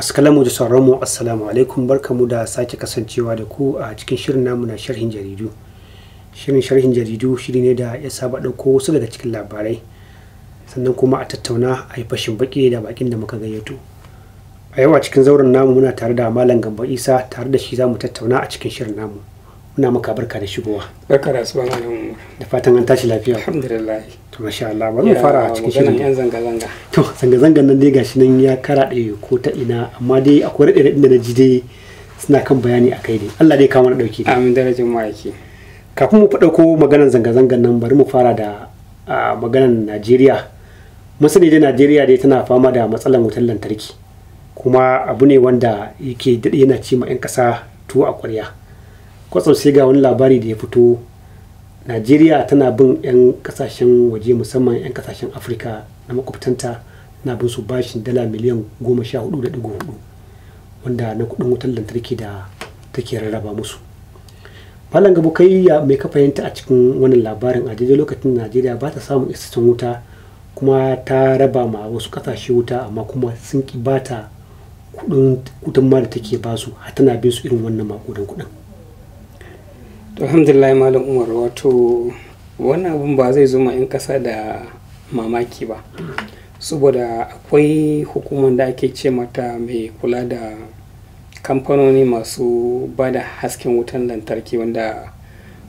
masu kalamu da sauranmu assalamu alaikum barkamu da sake kasancewa da ku a cikin shirin namu na sharhin jaridu shirin sharhin jaridu shiri ne da ya saba ɗauko wasu daga cikin labarai sannan kuma a tattauna a yi fashin baki da bakin da muka gayyato a yau a cikin zauren namu muna tare da malam gamba isa tare da shi za mu tattauna a cikin shirin namu muna maka barka da shigowa barka da fatan an tashi lafiya alhamdulillah masha Allah bari mu fara a cikin shirin yan zanga zanga to zanga zangan nan dai gashi nan ya karaɗe ko ta ina amma dai akwai raɗe raɗin da na ji dai suna kan bayani akai dai Allah dai kawo mana dauki amin darajin kafin mu ko maganar zanga zangan nan bari mu fara da maganar Najeriya masani da Najeriya dai tana fama da matsalar wutar lantarki kuma abu ne wanda yake daɗe yana ci ma 'yan ƙasa tuwo a ƙwarya kwatsam sai ga wani labari da ya fito najeriya tana bin 'yan kasashen waje musamman 'yan kasashen afirka na makwabtanta na bin su bashin dala miliyan goma sha hudu da digo hudu wanda na kuɗin wutar lantarki da take rarraba musu malam gabo kai ya mai ka fahimta a cikin wannan labarin a daidai lokacin najeriya ba ta samun isasshen wuta kuma ta raba ma wasu kasashe wuta amma kuma sun ki bata kudin kudin ma da take basu har tana bin su irin wannan makudan kuɗin. alhamdulillah malam umar wato wannan abun ba zai zuma 'yan ƙasa da mamaki ba saboda akwai hukumar da ake ce mata mai kula da kamfanoni masu ba da hasken wutan lantarki wanda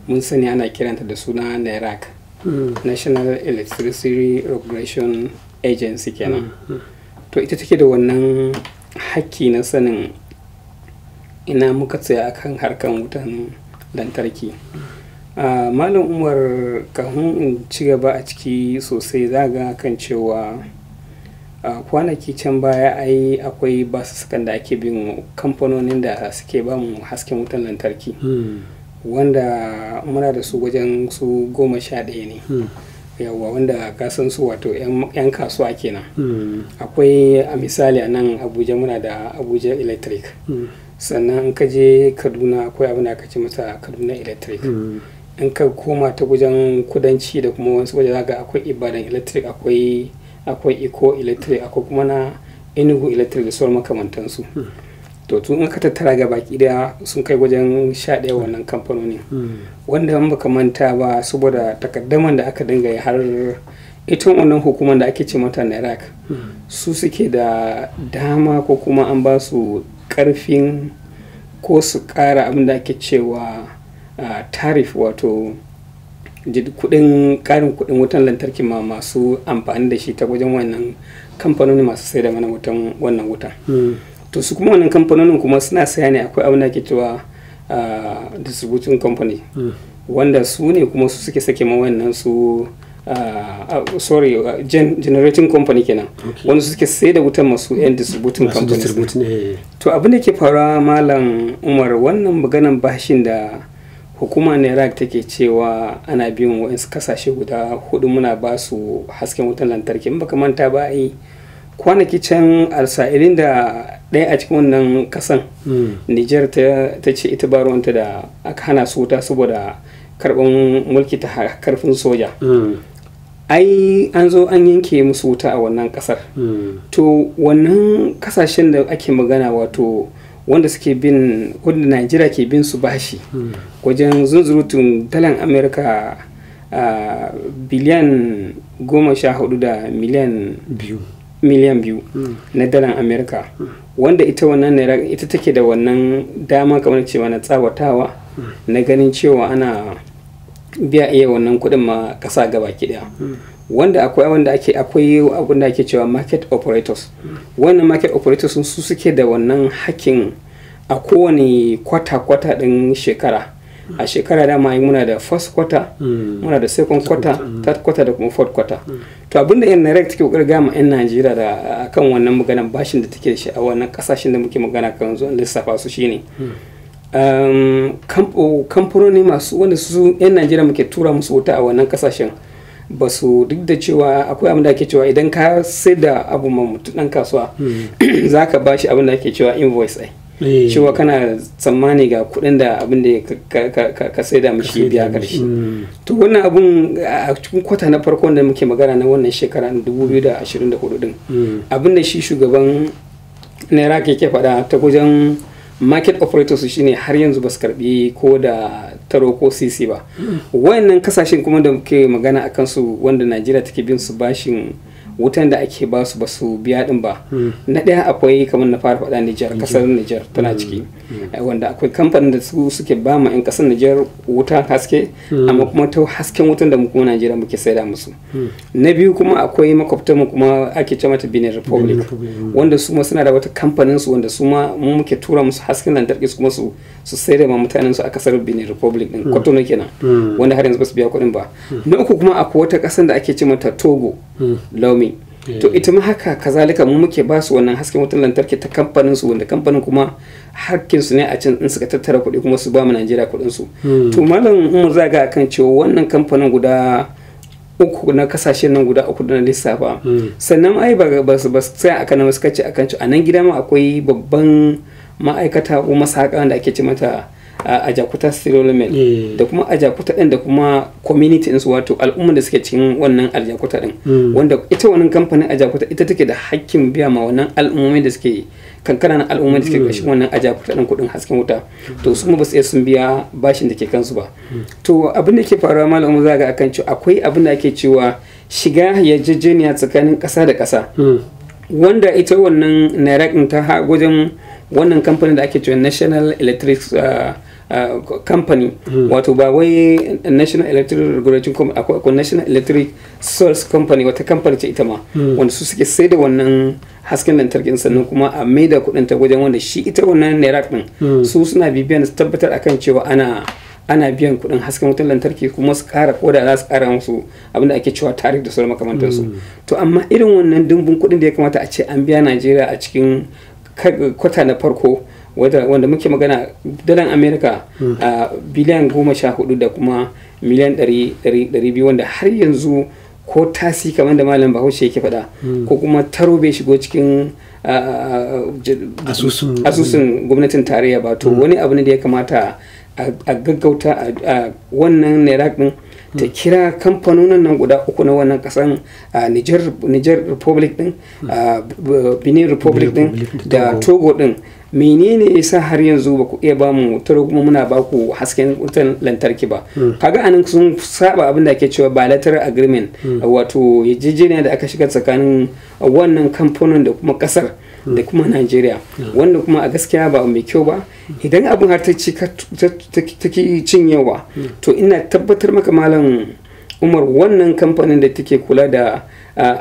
mun sani ana kiranta da suna nairac e hmm. national electricity regulation agency kenan hmm, hmm. to ita take da wannan haƙƙi na sanin ina muka tsaya akan harkan wutan lantarki ah, malam umar kahun in ci gaba a ciki sosai za zaga kan cewa ah, kwanaki can baya ai akwai basussukan da ake bin kamfanonin da suke bamu hasken wutan lantarki hmm. wanda muna da su wajen su goma sha ɗaya ne hmm. yawwa wanda kasan su wato 'yan kasuwa kenan hmm. akwai a misali a nan abuja muna da abuja electric sannan ka je kaduna akwai abin da aka ce masa kaduna electric hmm. in ka koma ta wajen kudanci da kuma wasu wajen zaga akwai ibadan electric akwai akwai eco electric akwai kuma na enugu electric da sauran makamantansu hmm. to tun in ka tattara ga baki daya sun kai wajen sha daya wannan kamfanoni hmm. wanda an baka manta ba saboda takaddaman da aka dinga har ita wannan hukumar da ake ce mata na e iraq su suke da dama ko kuma an ba su karfin ko su kara abin da ake cewa tarif wato kudin karin kudin wutan lantarki ma masu amfani da shi ta wajen wannan kamfanoni masu sai da mana wutan wannan wuta hmm. to su kuma wannan kamfanonin kuma suna saya ne akwai abin da ake cewa distribution company hmm. wanda su ne kuma su suke sake ma wannan su Ah, ah, sorry uh, generating company kenan wanda suke sai da wutan masu yan distributing company eh, eh. to abin da ke fara malam umar wannan maganan bashin da hukumar e nerag take cewa ana biyan wa'insu kasashe guda hudu muna ba su hasken wutan lantarki in baka manta ba yi kwanaki can alsa'irin da ɗaya a cikin wannan kasan hmm. niger ta ce ita baruwanta da aka hana su wuta saboda karɓar mulki ta karfin soja hmm. ai an zo an yanke musu wuta a wannan kasar hmm. to wannan kasashen da ake magana wato wanda suke bin wanda najeriya ke bin su bashi hmm. wajen zunzurutun dalan amerika biliyan goma sha hudu da miliyan biyu miliyan biyu hmm. na dalan amerika wanda ita wannan ita take da wannan dama kamar cewa na tsawatawa na ganin cewa ana biya iya wannan kuɗin ma ƙasa gaba kiɗaya daya wanda akwai wanda ake akwai abin da ake cewa market operators wannan market operators su suke da wannan hakkin a kowane kwata-kwata din shekara a shekara dama muna da first quarter muna da second quarter mm. third quarter da kuma fourth quarter mm. to da yan direct ke kokarin gama yan Najeriya da akan wannan maganan bashin da take da shi a wannan kasashen da muke magana kan zuwa lissafa su shine mm. kamfanoni masu wanda su 'yan najeriya muke tura musu wuta a wannan kasashen ba su duk da cewa akwai abin da ake cewa idan ka sai da abu ma dan kasuwa hmm. za ka ba shi abin da ake cewa invoice ai eh. cewa kana tsammani ga kuɗin da abin da ka sai da mashi biya karshe hmm. to wannan abun a cikin kwata na farko da muke magana na wannan shekara 2024 din hmm. abin da shi shugaban naira ke faɗa ta wajen market operators shine har yanzu basu su karbi ko da taro ko cc ba hmm. wayannan kasashen kuma da muke magana a kansu wanda najeriya take bin su bashin wutan da ake ba su ba su biya din ba hmm. na ɗaya akwai kamar na fara faɗa Nijar kasar Nijar tana hmm. ciki hmm. Eh, wanda akwai kamfanin da su suke ba ma 'yan kasar Nijar wuta haske amma kuma ta hasken wutan da mu kuma Najeriya muke saida musu na biyu kuma akwai makwabta mu kuma ake ce mata Benin Republic wanda su ma suna da wata kamfanin su wanda su ma mu muke tura musu hasken lantarki su kuma su su saida ma mutanen su a kasar Benin Republic din Cotonou kenan wanda har yanzu ba su biya kuɗin ba na uku kuma akwai wata kasar da ake ce mata Togo Lomi to eh. ita ma haka kazalika mu muke ba su wannan hasken wutar lantarki ta kamfanin su wanda kamfanin kuma hakkin su ne a can in suka tattara kuɗi kuma su ba mu Najeriya kuɗin su hmm. to malam mu ga kan cewa wannan kamfanin guda uku na kasashe nan guda uku na lissafa hmm. sannan ai ba su ba su tsaya akan wasu kace akan a nan gida ma akwai babban ma'aikata ko masaka da ake ce mata a ajakuta silolemen eh. da kuma ajakuta din da kuma community din su wato al'umma da suke cikin wannan aljakuta din hmm. wanda ita wannan kamfanin ajakuta ita take da hakkin biya ma wannan al'ummomi da suke kankana na al'umma da suke kashin hmm. wannan ajakuta din kudin hasken wuta to su ba su iya sun biya bashin da ke kansu ba hmm. to abin da ke faruwa malamu za ga akan cewa akwai abin da ake cewa shiga yarjejeniya tsakanin ƙasa da ƙasa wanda ita wannan naira ta wajen wannan kamfanin da ake cewa national electric uh, uh, company hmm. wato ba wai national electric regulatory company akwai national electric source company wata kamfanin ce ita ma hmm. wanda su suke sai da wannan hasken lantarkin sannan kuma a maida kudin ta wajen wanda shi ita wannan naira din hmm. su suna bibiyan su tabbatar akan cewa ana ana biyan kudin hasken wutar lantarki kuma su kara ko da za su kara musu abinda ake cewa tarif da sauran makamantansu to amma irin wannan dimbin kudin da ya kamata a ce an biya najeriya a cikin kwata na farko wanda muke magana dalan amerika hmm. a biliyan goma sha hudu da kuma miliyan dari biyu wanda har yanzu ko tasi kamar da malam bahaushe yake faɗa hmm. ko kuma taro bai shigo cikin asusun gwamnatin tarayya ba to hmm. wani abu ne da ya kamata a gaggauta a wannan naira din ta kira kamfanonin nan guda uku na wannan kasan niger republic din benin republic din da togo din menene ya sa har yanzu ba ku iya ba mu kuma muna ba ku hasken wutan lantarki ba hmm. kaga anan sun saba abin da ake cewa bilateral agreement hmm. wato yarjejeniya da aka shiga tsakanin wannan kamfanin da kuma kasar da kuma najeriya wanda kuma a gaskiya ba mai kyau ba idan abin har ta ci cin yawa to ina tabbatar maka malam umar wannan kamfanin da take kula da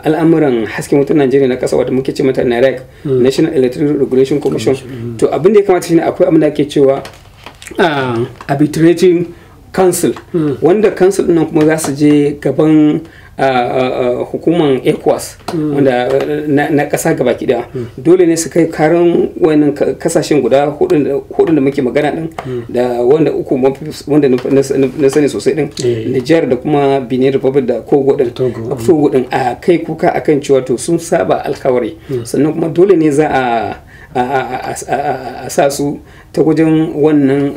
al'amuran hasken wutar najeriya na kasa wata muke ce mata narec national electronic regulation commission mm. to abin da ya kamata shine akwai abin da ake cewa arbitrating council mm. wanda council nan kuma za su je gaban A hukuman ecowas mm. wanda eh, na kasa gaba daya mm. dole ne su kai karin wannan kasashen guda hudun da muke magana din mm. da wanda uku wanda na sani sosai din eh. nijar da kuma benin republic da kogo din togo din a kai kuka a kan cewa to sun saba alkawari sannan kuma dole ne za a sa su ta wajen wannan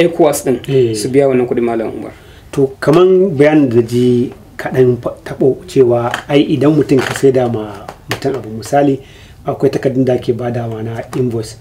ecowas din eh. su biya wannan kudin malam umar to kaman bayan da ji kaɗan taɓo cewa ai idan mutum ka saida ma mutum abu misali akwai takardun da ake wa na invoice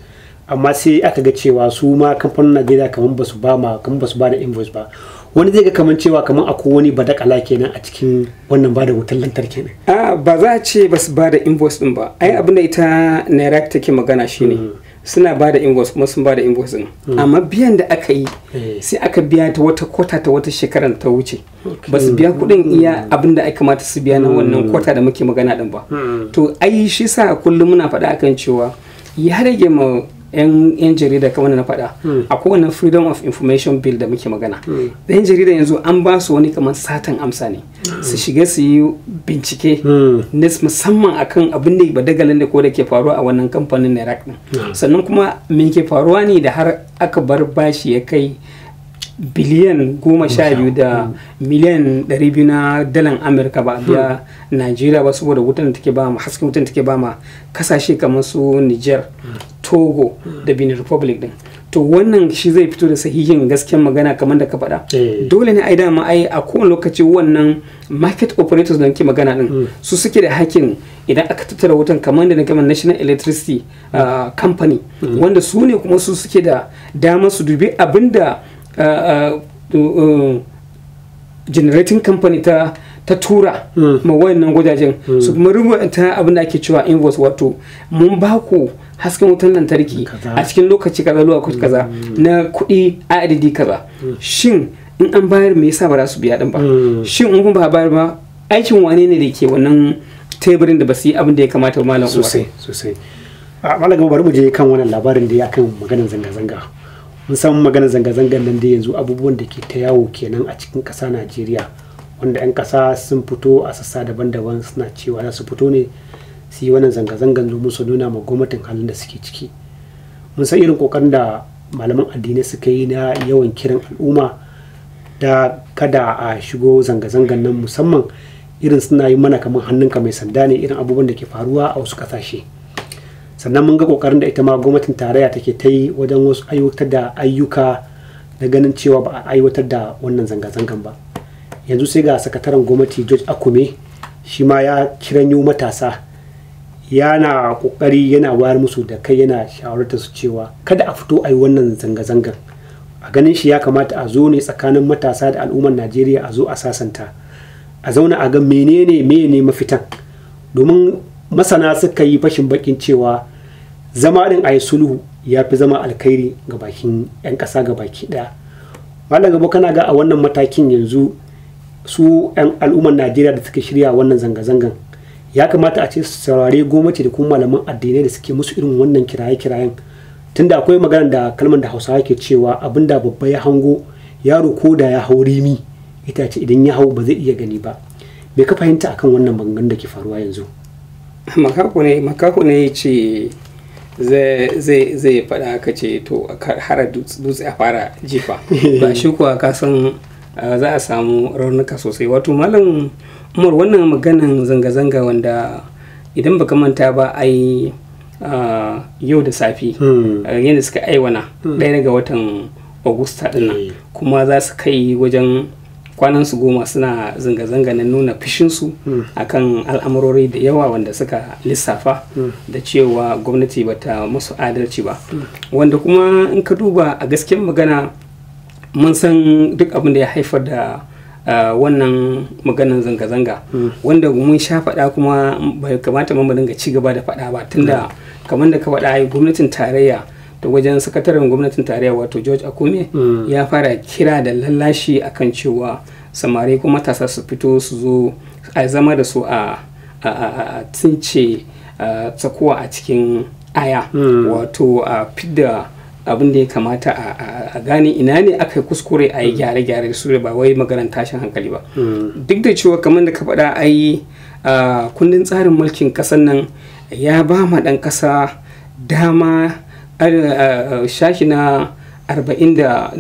amma sai aka ga cewa su ma kamfanin najeriya kamar ba su ba ma kamar ba su ba da invoice ba wani zai ga kaman cewa kamar akwai wani badakala kenan a cikin wannan bada da wutar lantarki ne a ah, ba za a ce ba su ba da invoice din ba ai abin da ita naira take magana shine hmm. suna ba da invoice kuma sun ba da invoice din hmm. amma biyan da aka yi eh. sai aka biya ta wata kwata ta wata shekarar ta wuce ba su biya kuɗin hmm. iya abin da aka kamata su biya na hmm. wannan kwata da muke magana din ba to ai shi sa kullum muna faɗa akan cewa ya rage ma yan jarida kamar na faɗa hmm. a kowane freedom of information bill da muke magana yan hmm. jarida yanzu an ba su wani kamar satan amsa ne su hmm. shiga su yi bincike na musamman akan abin da ba da ko da ke faruwa a wannan kamfanin na iraq sannan kuma me ke faruwa ne da har aka bar bashi ya kai biliyan goma sha biyu da miliyan ɗari biyu na dalan amurka ba biya hmm. najeriya ba saboda wutan take ba ma hasken wutan take ba ma kasashe kamar su niger hmm. togo da hmm. benin republic din to wannan shi zai fito da sahihin gasken magana kamar da ka faɗa eh. dole ne ai dama ai a kowane lokaci wannan market operators da nake magana din su suke da hakin idan aka tattara wutan kamar da na gama national electricity ah, company wanda su ne kuma su suke da damar su dubi abinda Uh, uh, uh, generating company ta ta tura hmm. ma wayannan gwajajen hmm. su kuma rubuta abin da ake cewa invoice wato mun ba ku hasken wutan lantarki a cikin lokaci kaza lokaci kaza hmm. na kuɗi a kaza shin in an bayar me yasa ba za su biya din ba shin in ba bayar ba aikin wane ne da ke wannan teburin da ba su yi abin da ya kamata malam sosai sosai a ah, malam bari mu je kan wannan labarin da ya kan maganar zanga-zanga mun san magana zanga-zangar nan da yanzu abubuwan da ke ta yawo kenan a cikin kasa najeriya wanda 'yan ƙasa sun fito a sassa daban-daban suna cewa za su fito ne su yi wannan zanga-zangar domin su nuna ma gwamnatin halin da suke ciki mun san irin kokarin da malaman addinai suka yi na yawan kiran al'umma da kada a shigo zanga-zangar nan musamman irin suna yi mana kamar hannunka mai sanda ne irin abubuwan da ke faruwa a wasu ƙasashe. sannan mun ga kokarin da ita ma gwamnatin tarayya take ta yi wajen wasu aiwatar da ayyuka na ganin cewa ba a aiwatar da wannan zanga-zangan ba yanzu sai ga sakataren gwamnati george akume shi ma ya kiranyo matasa yana kokari yana wayar musu da kai yana shawarar su cewa kada a fito a yi wannan zanga-zangan a ganin shi ya kamata a zo ne tsakanin matasa da al'ummar najeriya a zo a sasanta a zauna a ga menene menene mafitan domin masana suka yi fashin bakin cewa zama din a yi sulhu ya fi zama alkhairi ga bakin 'yan ƙasa ga baki ɗaya malam gaba kana ga a wannan matakin yanzu su 'yan al'ummar najeriya da suke shirya wannan zanga-zangan ya kamata a ce su saurare gwamnati da kuma malaman addinai da suke musu irin wannan kiraye-kirayen tunda akwai magana da kalmar da hausawa ke cewa abin da babba ya hango yaro ko da ya hau rimi ita ce idan ya hau ba zai iya gani ba me ka fahimta akan wannan maganganun da ke faruwa yanzu makaku ne ya ce zai faɗa ka ce to hara dutse a fara jifa ba shi kuwa ka san za a samu raunuka sosai wato malam umar wannan maganan zanga-zanga wanda idan baka manta ba ai yau da safi hmm. yadda suka aiwana hmm. ɗaya daga watan agusta dinnan eh. kuma za su kai wajen kwanan su goma suna zanga-zanga na nuna su hmm. akan al'amurori da yawa wanda suka lissafa hmm. da cewa gwamnati bata musu adalci ba hmm. wanda kuma in ka duba a gaskiyar magana mun san duk abin da ya haifar da eh, wannan maganan zanga-zanga wanda mun sha faɗa kuma bai kamata mu dinga ci gaba da faɗa ba tunda kamar da ka faɗa gwamnatin tarayya da wajen sakataren gwamnatin tarayya wato george akume mm. ya fara kira da lallashi akan cewa samari ko matasa su fito su zo a zama da su a tsince tsakuwa a cikin aya mm. wato a fidda abin da ya kamata a gane ina ne aka kuskure a yi mm. gyare-gyare su da ba wai maganar tashin hankali ba duk da cewa kamar da ka faɗa a yi kundin tsarin mulkin ƙasar nan ya ba ma ɗan ƙasa dama Eh, eh, shashi na arba'in da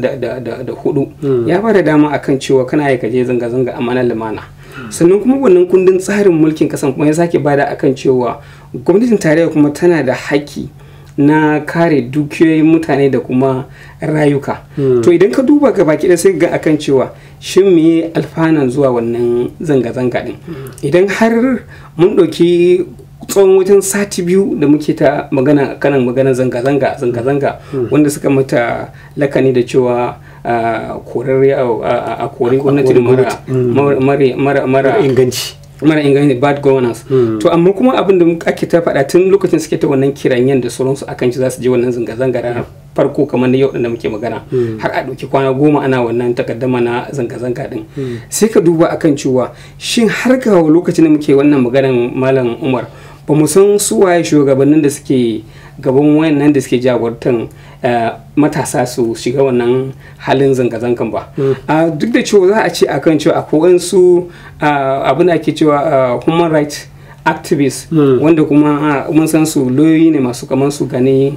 hudu hmm. ya fara dama akan cewa kana yi kaje zanga-zanga a manar lumana hmm. sannan kuma wannan kundin tsarin mulkin kasan kuma ya sake bada akan cewa gwamnatin tarayya kuma tana da haƙƙi na kare dukiyoyin mutane da kuma rayuka hmm. to idan ka duba ka baki sai ga akan cewa shin me alfanan zuwa wannan zanga-zanga din idan har mun ɗauki tsawon wajen sati biyu da muke ta magana kanan magana zanga-zanga zanga-zanga hmm. Hmm. wanda suka mata lakani da cewa a kori gwamnatin hmm. mara inganci mara inganci bad governance to amma kuma abin da ake ta faɗa tun lokacin suke ta wannan kiranyen da sauransu akan ci za su je wannan zanga-zanga ranar farko kamar na yau da muke magana har a ɗauki kwana goma ana wannan takaddama na zanga-zanga din sai ka duba akan cewa shin har ga lokacin da muke wannan maganan malam umar ba mu san su waye shugabannin da suke gaban wayannan da suke jagortan eh, matasa su shiga wannan halin zanga-zangan ba hmm. duk da cewa za a ce kan cewa akwai su abin da ake cewa human rights activist hmm. wanda kuma mun san su loyoyi ne masu kamar su gani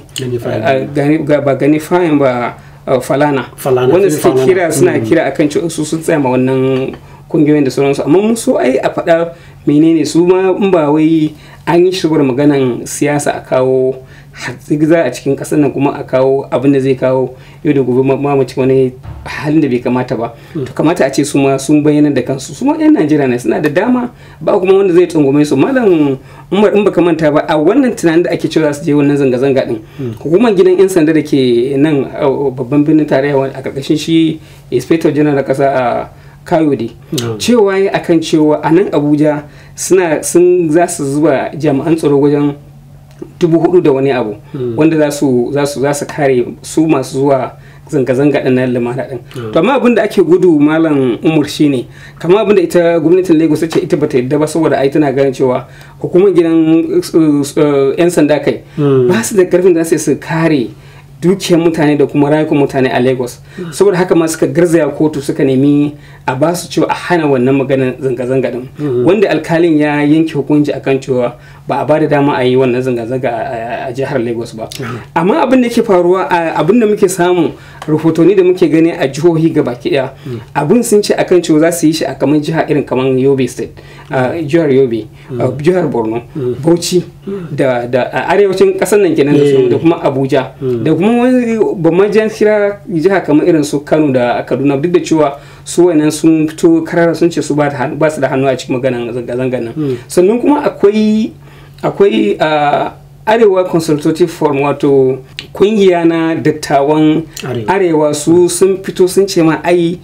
ba gani fayin ba falana wanda suke kira suna hmm. kira a kan cewa su sun tsaya ma wannan kungiyoyin da sauransu amma mun so ai a faɗa menene su ma in ba wai an yi shigar maganan siyasa a kawo hatsigiza a cikin kasar nan kuma a kawo abin da zai kawo yau da gobe mamaci wani halin da bai kamata ba hmm. to kamata a ce su ma sun bayyana da kansu su ma yan najeriya ne suna da dama ba kuma wanda zai tsungume su malam umar in baka manta ba a wannan tunanin da ake cewa za su je wannan zanga-zanga din hmm. hukumar gidan yan sanda da ke nan babban birnin tarayya a karkashin shi inspector general kasa a kayode hmm. cewa akan cewa a nan abuja suna sun za su zuba jami'an tsaro wajen dubu hudu da wani abu hmm. wanda za su za su kare su masu zuwa zanga-zanga ɗin na limana ɗin hmm. to amma abin da ake gudu malam umar shine kama abin da ita gwamnatin lagos ce ita bata yadda ba saboda ai tana ganin cewa hukumar gidan uh, uh, yan sanda kai hmm. ba su da karfin da su kare dukiyar mutane da kuma rayukan mutane a lagos hmm. saboda haka ma suka garzaya kotu suka nemi a basu su cewa a hana wannan maganar zanga-zanga din hmm. wanda alkalin ya yanke hukunci akan cewa ba a bada dama a yi wannan zanga-zanga a jihar lagos ba amma abin da ke faruwa abin da muke samu rahotanni da muke gani a jihohi gaba daya abin sun ce akan cewa za su yi shi a kamar jiha irin kamar yobe state jihar yobe jihar borno bauchi da da arewacin kasar nan kenan da kuma abuja da kuma wani bamajan shira jiha kamar irin su kano da kaduna duk da cewa su wannan sun fito karara sun ce su ba su da hannu a cikin maganan zanga zanga nan sannan kuma akwai akwai a ah, arewa consultative forum wato kungiya na dattawan arewa su sun fito sun ce ma ai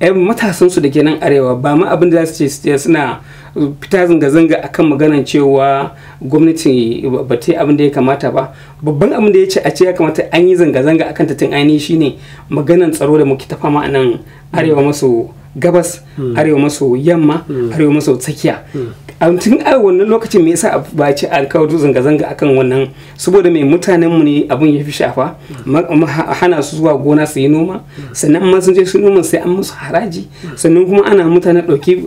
yan matasansu da ke nan arewa ba ma abin da za su ce suna fita zanga-zanga akan maganan cewa gwamnati ba ta abin da ya kamata ba babban abin da ya ce a ce ya kamata an yi zanga-zanga akan tatin ainihi shine maganan tsaro da muke tafa ma a nan arewa maso gabas hmm. arewa maso yamma hmm. arewa maso tsakiya hmm. a tun a wannan lokacin me yasa ba ci an kawo zanga-zanga akan wannan saboda mai mutanen mu ne abin ya fi shafa hana su zuwa gona su yi noma sannan ma sun je su noma sai an musu haraji sannan kuma ana mutane ɗauki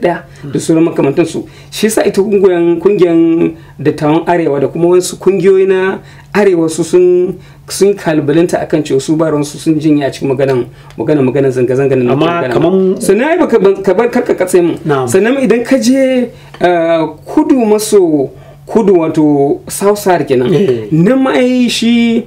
ɗaya da su zama sauran su shi sa ita kungiyar kungiyan dattawan arewa da kuma wasu kungiyoyi na arewa su sun sun a kan cewa su baron su sun jinya a cikin maganan maganan maganan zanga zanga na amma sannan sannan ba ka bar karka katse mu sannan idan ka je eh, kudu maso kudu wato south side kenan eh. nan ma shi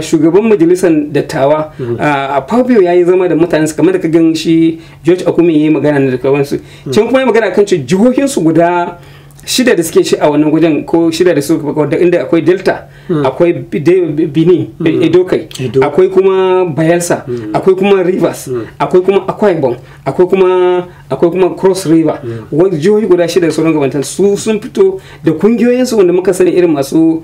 shugaban majalisar dattawa mm-hmm. a Fabio ya yi zama da mutane kamar da ka gan shi George akumi ya yi magana da kawansu mm-hmm. can kuma ya magana kan jihohinsu guda shida da suke shi a wannan wajen ko shida da su wadda inda akwai delta hmm. akwai benin hmm. e-, Edo-Kai. akwai kuma bayelsa hmm. akwai kuma rivers akwai kuma akwaibon akwai kuma akwai kuma cross river wani jihohi guda shida da sauran gabantan su sun fito da kungiyoyinsu wanda muka sani irin masu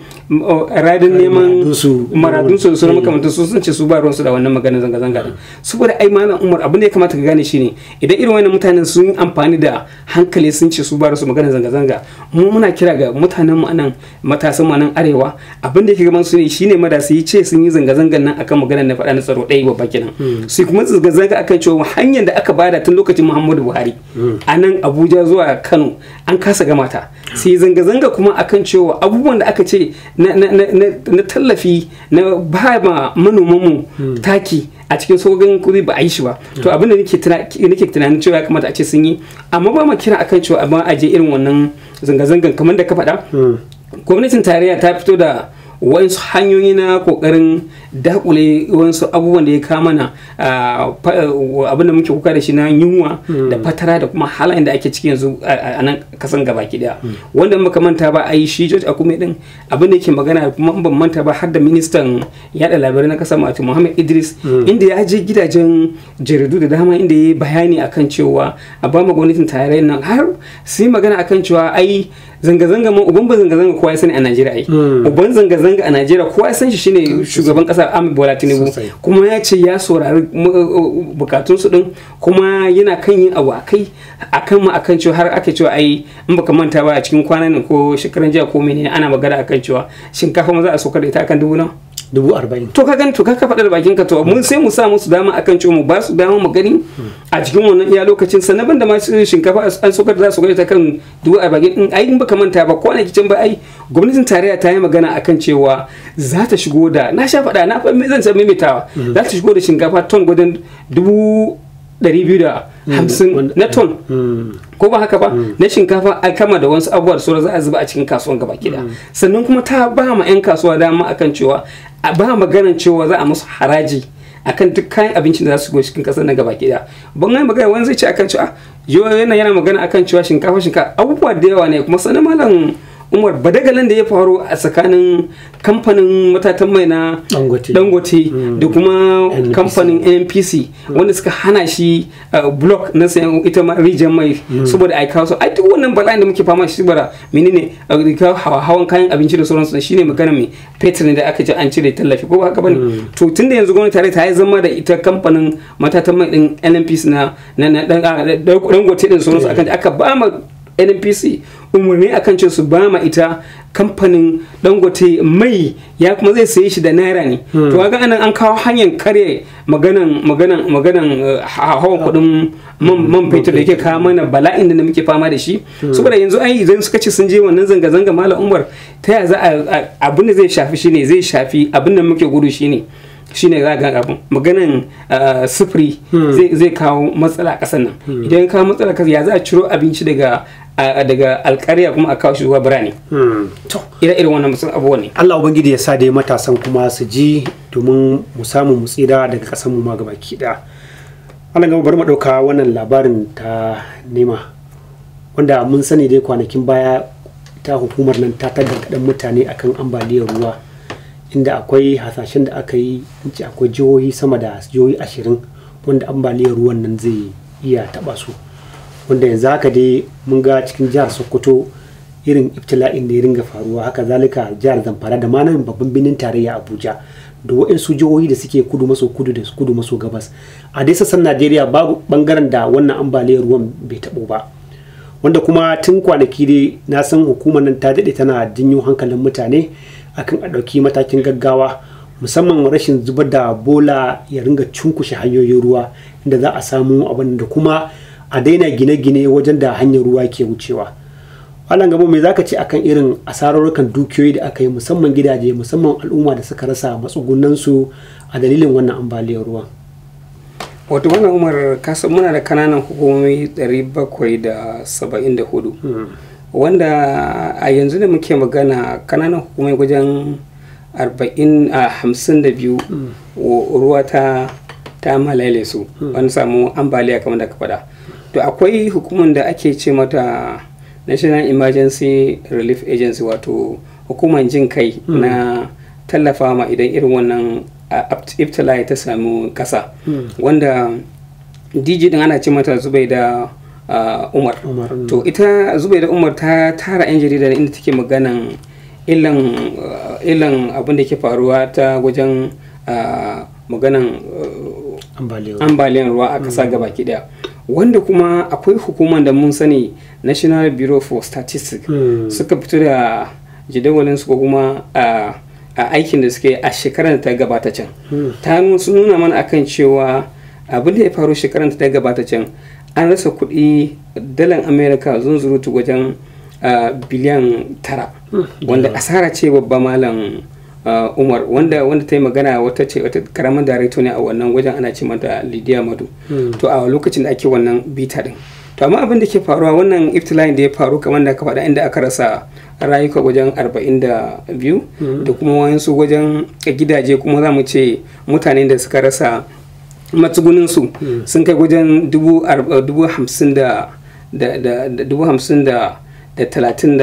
radin neman maradunsu da sauran makamantan su sun ce su ba ruwansu da wannan maganin zanga-zanga saboda ai malam umar abin da ya kamata ka gane shine idan irin wannan mutanen sun amfani da hankali sun ce su ba su maganin zanga-zanga mu muna kira ga mutanen mu anan matasan mu nan arewa abin da yake gaban su ne shine su yi ce sun yi zanga zangan nan akan magana na faɗa na tsaro ɗaya babba kenan hmm. su kuma zanga zanga akan cewa hanyar da aka bada tun lokacin Muhammadu Buhari hmm. anan Abuja zuwa Kano an kasa gama ta sai zanga zanga kuma akan cewa abubuwan da aka ce na tallafi na ba ma manoman mu hmm. taki a cikin sogin kuri ba a yi shi ba to abin da nake tunanin cewa ya kamata a ce sun yi amma ba ma kira akan cewa a je irin wannan zanga-zangan kamar da ka faɗa hmm. gwamnatin tarayya ta fito da wasu hanyoyi na kokarin dakule wasu abubuwan da ya kama na abin da muke kuka da shi na yunwa da hmm. fatara da kuma halayen da ake ciki yanzu a nan kasan gaba ki daya hmm. wanda muka manta ba a yi shi George Akume din abin da yake magana kuma ban manta ba har da ministan yada labarai na kasa Mato Muhammad Idris hmm. inda ya je gidajen jaridu da dama inda ya yi bayani akan cewa a ba gwamnatin tarayyar nan har sai magana akan cewa ai zanga-zanga ma uban ba zanga-zanga kowa ya sani a Najeriya ai hmm. uban zanga-zanga a Najeriya kowa ya san shi shine shugaban kasa Ahmed Bola Tinubu kuma ya ce ya saurari uh, uh, bukatun su din kuma yana kan yin abu akai akan ma akan cewa har ake cewa ai in baka manta ba a cikin kwanan ko shekaran jiya ko menene ana magana akan cewa shinkafa ma za a soka da ita akan dubu nawa dubu arba'in to ka gani to ka faɗa da bakin ka to mun sai mu sa musu dama akan cewa mu ba su dama mu gani a cikin wannan iya lokacin sannan banda ma shinkafa an sokar da za su gani ta kan dubu arba'in in ai in baka manta ba ko na kicin ba ai gwamnatin tarayya ta yi magana akan cewa za ta shigo da na sha faɗa na zan san mimitawa. Mm. za ta shigo da shinkafa ton gudun dubu biyu da mm. hamsin na ton mm. ko ba haka ba na shinkafa a kama da wasu abubuwa da za a zuba a cikin kasuwan gaba gida sannan kuma ta ba ma 'yan kasuwa dama akan cewa A ba maganan cewa za a musu haraji akan duk kayan abincin da za su go cikin kasar nan gabaki daya ban ga magana wani zai ce akan cewa yana yana magana akan cewa shinkafa shinkafa abubuwa da yawa ne kuma sanin malam umar badagalan da ya faru a tsakanin kamfanin matatan mai na dangote mm. da kuma kamfanin npc wanda suka hana shi uh, block na sayan ita ma rijiyar mai mm. saboda a kawo su ai duk wannan bala'in da muke fama shi bara mini ne a menene uh, hawan kayan abinci da sauransu shi ne magana mai fetur da aka ce an cire tallafi ko haka bane mm. to tun da yanzu gwamnati ta yi zama da ita kamfanin matatan mai din npc na dangote din sauransu akan aka ba ma nnpc umarni akan ce su ba ma ita kamfanin dangote mai ya kuma zai saye shi da naira ne hmm. to ga anan an kawo hanyar kare maganan maganan maganan uh, hawan kudin hmm. man fetur da yake hmm. kawo mana bala'in da muke fama da shi saboda yanzu an yi zan suka ce sun je wannan zanga zanga malam umar ta ya za a abin da zai shafi shine zai shafi abin da muke gudu shine ne shine za ga abin maganin ah, sufuri hmm. zai kawo matsala a nan hmm. idan kawo matsala ya za a ciro abinci daga daga alkariya kuma a kawo shi zuwa birane hmm. to ire irin wannan musul abuwa ne Allah ubangiji ya sa dai matasan kuma su ji domin mu samu mu tsira daga ƙasar mu ma gabaki da ana gama bari mu ɗauka wannan labarin ta nema wanda mun sani dai kwanakin baya ta hukumar nan ta tagargaɗin mutane akan ambaliyar ruwa inda akwai hasashen da aka yi ce akwai jihohi sama da jihohi ashirin wanda ambaliyar ruwan nan zai iya taba su wanda yanzu haka dai mun ga cikin jihar sokoto irin ibtila'in da ya ringa faruwa haka zalika jihar zamfara da ma babban birnin tarayya abuja da waɗansu jihohi da suke kudu maso kudu da kudu maso gabas a dai sassan najeriya babu bangaren da wannan ambaliyar ruwan bai taɓo ba wanda kuma tun kwanaki dai na san hukumar nan ta daɗe tana jinyo hankalin mutane akan a ɗauki matakin gaggawa musamman rashin zubar da bola ya ringa cunkushe hanyoyin ruwa inda za a samu abin da kuma a daina gine-gine wajen da hanyar ruwa ke wucewa wannan gaba me zaka ce akan irin asararrukan dukiyoyi da aka yi musamman gidaje musamman al'umma da suka rasa matsugunan su a dalilin wannan ambaliyar ruwa wato wannan umar muna da kananan hukumomi 774 wanda a yanzu da muke magana kananan hukumai wajen 52 hmm. ruwa ta ta malale su wani hmm. samu ambaliya kamar da ka faɗa to akwai hukumar da ake ce mata national emergency relief agency wato hukumar jin kai hmm. na tallafa ma idan irin wannan iftila ta samu kasa wanda dj din ana ce mata zubai da Uh, umar to ita zube da umar ta tara 'yan jarida inda take maganan ilan uh, abin da ke faruwa ta wajen uh, maganan ambaliyan ruwa a ƙasa mm. gaba daya wanda kuma akwai hukumar da mun sani national bureau for statistics mm. suka fito da jadawalin su kuma a aikin da suke a shekarar ta gabata can mm. ta nuna mana akan cewa abin da ya faru shekarar ta gabata can an rasa kuɗi dalan zun zunzurutu wajen biliyan tara hmm. wanda asara ce babba malam umar wanda wanda ta yi magana wata ce wata karamin daraito ne a wannan wajen ana ce mata lidiya madu hmm. to a lokacin da ake wannan bita din to amma abin da ke faruwa wannan iftilayin da ya faru kamar da ka faɗa inda aka rasa rayuka wajen 42 hmm. da kuma wayansu wajen gidaje kuma za mu ce mutane da suka rasa matsugunin su sun kai wajen dubu eh, hamsin da talatin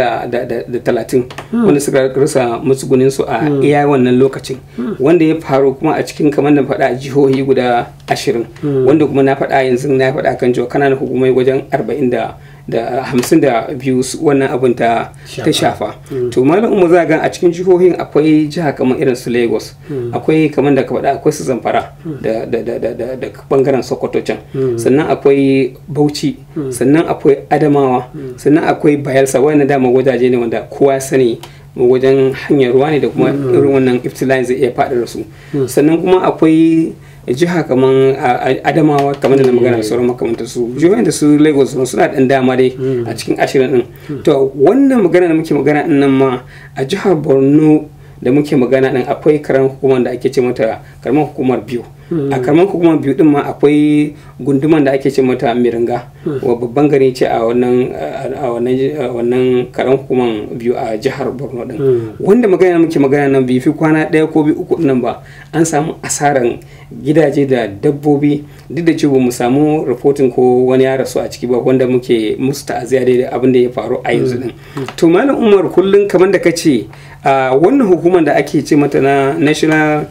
wanda suka rasa matsugunin su a hmm. iya wannan lokacin hmm. wanda ya faru kuma a cikin kamar da faɗa jihohi guda ashirin hmm. wanda kuma na faɗa yanzu na faɗa kan cewa kananan hukumai wajen arba'in da da hamsin da biyu wannan abin ta shafa hmm. to malam umar za a cikin jihohin akwai jiha kamar irin su lagos hmm. akwai kamar da ka faɗa akwai su zamfara hmm. da bangaren sokoto can sannan akwai bauchi sannan akwai adamawa sannan akwai bayelsa wannan dama wajaje ne wanda kowa sani wajen hanyar ruwa ne da kuma irin wannan iftilayin zai iya faɗa da su sannan kuma akwai jiha kaman adamawa kamar da na magana da mm. sauran makamantar su jihohin da su lagos suna dan dama dai mm. a cikin ashirin din mm. to wannan magana da muke magana din nan ma a jihar borno da muke magana din akwai karan hukumar da ake ce mata karamar hukumar biyu Hmm. a kaman kuma biyu din ma akwai gunduman da ake ce mata miringa hmm. wa babban gari ce a wannan a wannan karan hukuman biyu a jihar borno din hmm. wanda magana muke magana nan biyu fi kwana ɗaya ko biyu uku nan ba an samu asaran gidaje da dabbobi duk da cewa mu samu rahoton ko wani ya rasu a ciki ba wanda muke musu ta'aziya da abin da ya faru a yanzu din to malam umar kullum kamar da kace wannan hukumar da ake ce mata na national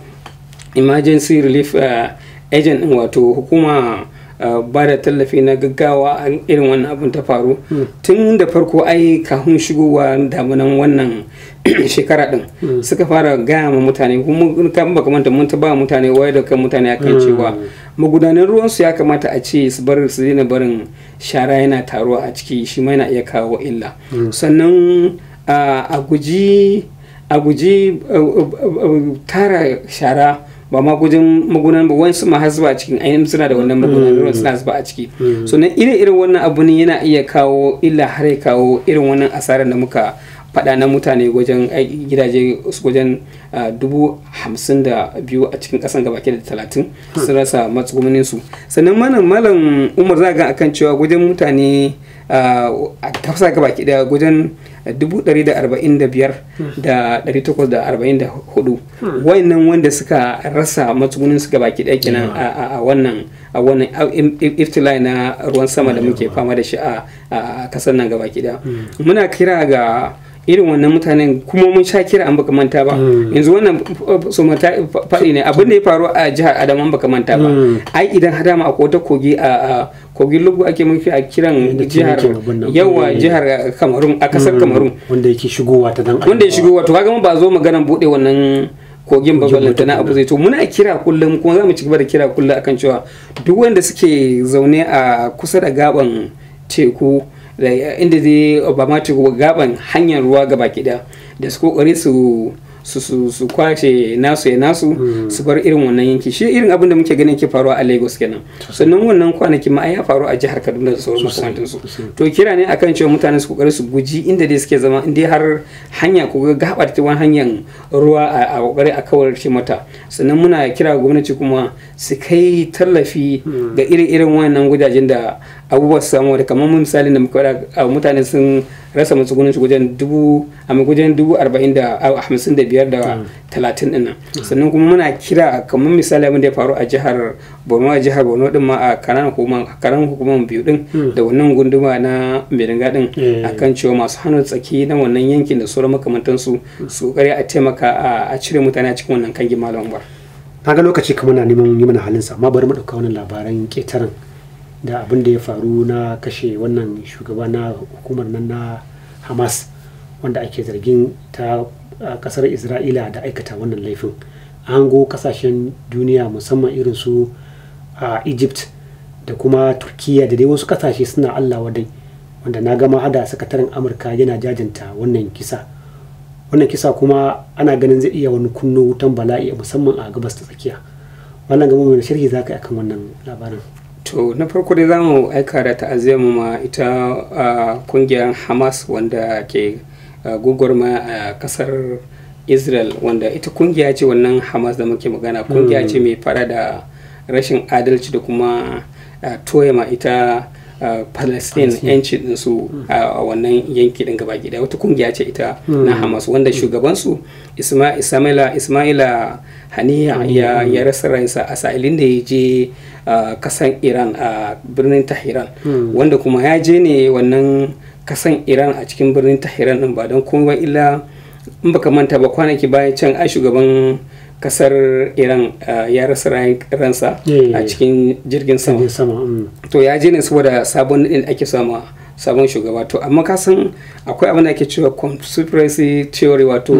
emergency relief uh, agent wato hukuma uh, ba da tallafi na gaggawa irin wannan abin ta faru hmm. tun da farko ai kafin shigowa damunan wannan shekara din hmm. suka fara gaya ma mutane kuma kan manta mun ta ba mutane waye da kan mutane akan hmm. cewa magudanan su ya kamata a ce su bar su daina barin shara yana taruwa a ciki shi ma yana iya kawo illa sannan uh, a guji a guji tara shara ba ma gujin magunan ba wasu ma har zuba cikin ainihin suna da wannan magunan mm. ruwan suna zuba a ciki mm. so nan irin irin wannan abu ne yana iya kawo illa har ya kawo irin wannan asarar da muka faɗa na mutane wajen gidaje wajen ah, dubu hamsin da biyu a cikin ƙasan gabaki da talatin hmm. sun rasa matsugunin su sannan manan malam umar za ga akan cewa wajen mutane ah, a kafsa gabaki da wajen dubu ɗari da arba'in da biyar hmm. da ɗari takwas da arba'in da hudu hmm. wayannan wanda suka rasa matsugunin su gabaki ɗaya kenan a wannan a wannan iftilai na ruwan sama da muke fama da shi a kasar nan gabaki ɗaya muna kira ga irin wannan mutanen kuma mun sha kira an baka manta ba mm. yanzu wannan uh, so uh, faɗi ne abin da ya faru a jihar adam an baka manta ba mm. ai idan hada dama akwai wata kogi a kogin lugu ake mafi a kiran jihar yawa mm. jihar kamarun a kasar kamarun wanda yake shigowa ta dan wanda ya shigowa to kaga ba zo maganan bude wannan kogin babalanta na abu zai to muna kira kullum kuma za mu ci gaba da kira kullum akan cewa duk wanda suke zaune a kusa da gaban teku Uh, inda zai obamati gaban hanyar ruwa ga baki da su kokari su su kwace nasu ya nasu hmm. su bar irin wannan yanki shi irin abin da muke ganin ke faruwa a lagos kenan sannan wannan kwanaki ma ya faru a jihar kaduna da sauran makarantun su to kira ne akan cewa mutane su kokari su guji inda dai suke zama inda har hanya ko gaba ta wani hanyar ruwa a kokari a kawar shi mata sannan muna kira gwamnati kuma su kai tallafi hmm. ga irin irin wannan gudajen da abubuwa su samu da kamar mun misalin da muka a mutane sun rasa masu gudun shi wajen dubu a wajen dubu arba'in da hamsin da biyar da talatin ɗin sannan kuma muna kira kamar misali abin da ya faru a jihar borno a jihar borno din ma a karan hukumar biyu din hmm. da wannan gunduma na miringa din eh. kan cewa masu hannun tsaki na wannan yankin da sauran makamantansu su kare a taimaka a cire mutane a cikin wannan kangi malam bar. ga lokaci kamar na neman yi mana halinsa amma bari mu ɗauka wani labaran ƙetaren da abin da ya faru na kashe wannan shugaba na hukumar nan na hamas wanda ake zargin ta kasar isra'ila da aikata wannan laifin hango kasashen duniya musamman irin su a egypt da kuma turkiya da dai wasu kasashe suna allah wadai wanda na gama hada sakataren amurka yana jajanta wannan kisa wannan kisa kuma ana ganin zai iya wani kunno wutan bala'i musamman a gabas ta tsakiya wannan gama mai sharhi za ka yi akan wannan labarin to na farko dai za mu aika da ta'aziyar mu ma ita kungiyar hamas wanda ke gugurma a kasar israel wanda ita kungiya ce wannan hamas da muke magana kungiya ce hmm. mai fara da rashin adalci da kuma toye ma ita palestine yanci su hmm. a wannan yanki din gaba gida wata kungiya ce ita na hmm. hamas wanda shugabansu ismaila haniya mm. ya rasa ransa a sa'ilin da ya je kasan iran a birnin tahiran mm. wanda kuma ya je ne wannan kasan iran a cikin birnin tahiran ba don kuma illa in baka manta ba kwanaki bayan can ai shugaban kasar iran ya rasa ransa a cikin jirgin sama mm. to ya je ne saboda sabon din ake sama sabon shugaba to amma ka san akwai abin da ake cewa conspiracy theory wato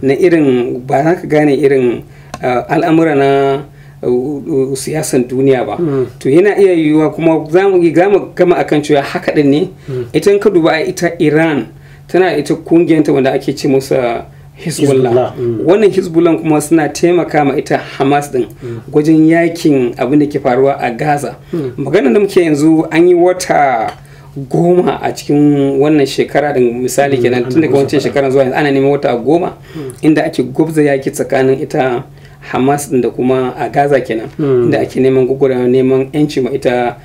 na irin ba za ka gane irin al'amura na siyasan duniya ba hmm. to yana iya yiwuwa kuma za mu gama akan cewa haka din ne hmm. ita ka duba ita iran tana ita kungiyanta wanda ake ce musa hezbollah hmm. wannan hezbollah kuma suna taimaka ma ita hamas din gwajin yakin abin da ke faruwa a gaza magana da muke yanzu an yi wata goma a cikin wannan shekara da misali kenan tun daga wancan shekara zuwa yanzu ana neman wata goma inda ake gwabza yaki tsakanin ita hamas da kuma a gaza kenan hmm. da ake neman gugura neman yanci ma ita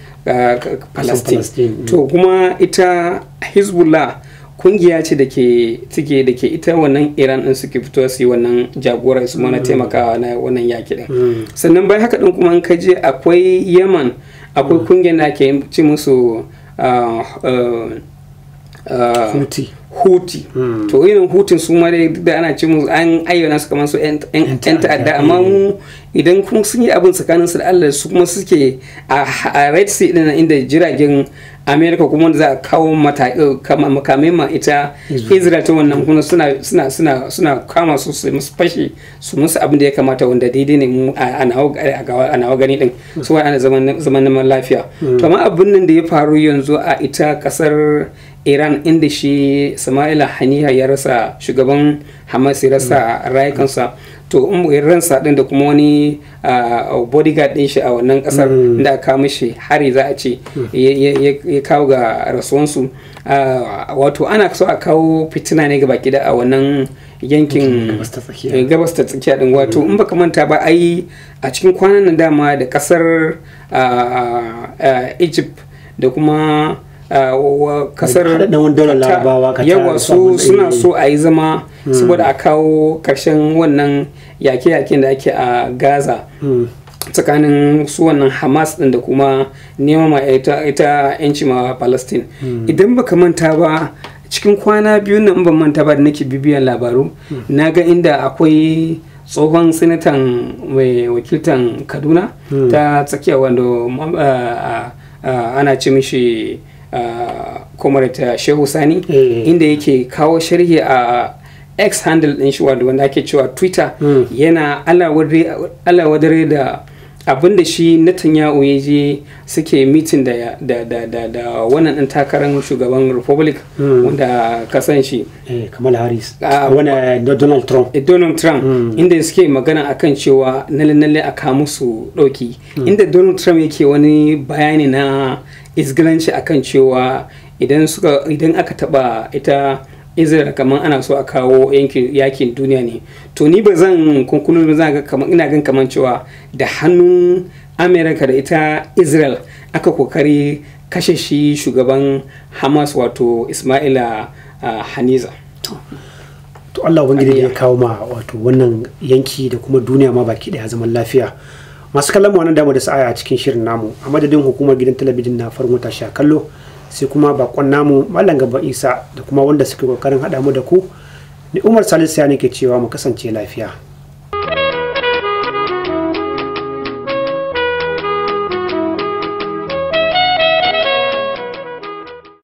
palestine hmm. to kuma ita hezbollah kungiya ce da ke take da ita wannan iran din suke fito su yi wannan jagorar su mana hmm. taimakawa na wannan yaki din sannan bayan haka din kuma an je akwai yaman akwai kungiyar da ke ci musu ah, ah, ah, huti hmm. to irin hutun su ma dai da ana ce an ayyana su kamar su yan ta'adda amma mu hmm. idan kuma sun yi abin tsakanin su da Allah su kuma suke a Red Sea din inda jiragen America kuma za a kawo eh, makamai ma ita Israel ta wannan kuma suna suna suna suna kama su su musu fashi su musu abin da ya kamata wanda daidai ne mu a nawa gani din hmm. su ana zaman zaman lafiya to amma abin nan da ya faru yanzu a ita kasar iran inda shi sama'ila haniya ya rasa shugaban hamas ya rasa mm. rayukansa to in ransa din da kuma wani bodyguard din shi a wannan kasar mm. da aka mishi hari za a ce mm. ya kawo ga rasuwansu wato ana so a kawo fitina ne ga baki da a wannan yankin eh, gabas ta tsakiya din wato in baka manta ba ai a cikin kwanan nan dama da kasar egypt da kuma Uh, kasar yawa su suna so a yi zama hmm. saboda a kawo karshen wannan yake yake da ake a gaza hmm. tsakanin su wannan hamas din da kuma neman ma ita yanci ma palestine hmm. idan baka manta ba cikin kwana biyu nan ban manta ba da nake bibiyan labaru na ga inda akwai tsohon sinatan mai wakiltan kaduna ta tsakiya wanda uh, uh, ana ce mishi comrade shehu sani eh. inda yake kawo sharhi a x handle ɗin shi wanda ake cewa twitter hmm. yana alawadare da abin da shi Netanyahu ya je suke mitin da da da da da wannan ɗan takarar shugaban Republic hmm. wanda kasan shi eh, Kamala Harris ah, wani eh, Donald Trump eh, Donald Trump hmm. inda suke magana akan cewa nalle-nalle a kawo musu ɗauki hmm. inda Donald Trump yake wani bayani na isgilanci akan cewa idan suka idan aka taba ita israel kamar ana so a kawo yankin yakin duniya ne to ni ba zan kunkuno ba zan ga ina gan kamar cewa da hannun america da ita israel aka kokari kashe shi shugaban hamas wato ismaila haniza to allah ubangiji ya kawo ma wato wannan yanki da kuma duniya ma baki daya zaman lafiya masu kallon wannan damu da sa'aya a cikin shirin namu a madadin hukumar gidan talabijin na farin wata sha kallo sai kuma bakon namu Mallam Gaba Isa da kuma wanda suke kokarin haɗa mu da ku ni Umar Salisu ya nake cewa mu kasance lafiya